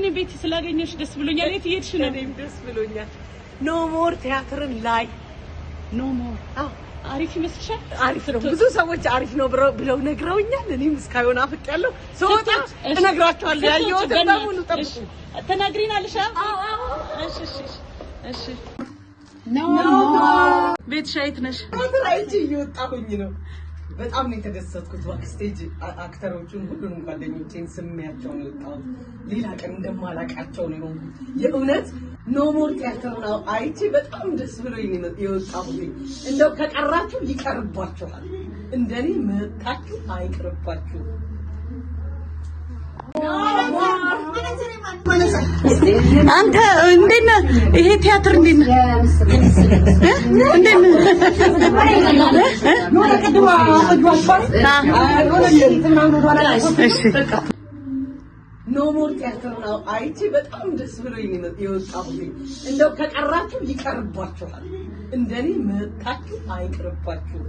እኔ ቤት ስላገኘሽ ደስ ብሎኛል። የት እየሄድሽ ነው? እኔም ደስ ብሎኛል። ኖ ሞር ቲያትርን ላይ ኖ ሞር። አዎ አሪፍ ይመስልሻል? አሪፍ ነው። ብዙ ሰዎች አሪፍ ነው ብለው ነግረውኛል። እኔም እስካሁን አፍቅ ሰውታ እነግራቸዋለሁ። ያየሁት በሙሉ ጠብቁ። ተናግሪናልሽ? አዎ አዎ። እሺ እሺ እሺ። ቤት የት ነሽ? እየወጣሁኝ ነው በጣም የተደሰትኩት። ባክስቴጅ አክተሮቹን ሁሉንም ጓደኞቼን ስሜያቸውን ወጣሁት። ሌላ ቀን እንደማላቃቸው ነው የሆኑ የእውነት ኖሞር ቲያትሩን አይቼ በጣም ደስ ብሎ የወጣሁት። እንደው ከቀራችሁ ይቀርባችኋል፣ እንደኔ መጣችሁ አይቅርባችሁ። አንተ እንዴት ነህ? ይሄ ቲያትር እንዴት ነህ? እንዴት ነህ? ኖሞር ቲያትርን አይቼ በጣም ደስ ብሎኝ ነው የወጣሁት። እንደው ከቀራችሁ ይቀርባችኋል፣ እንደኔ መጣችሁ አይቅርባችሁም።